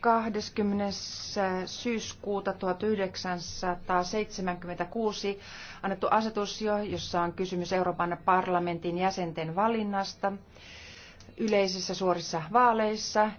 20. syyskuuta 1976 annettu asetus, jo, jossa on kysymys Euroopan parlamentin jäsenten valinnasta yleisissä suorissa vaaleissa.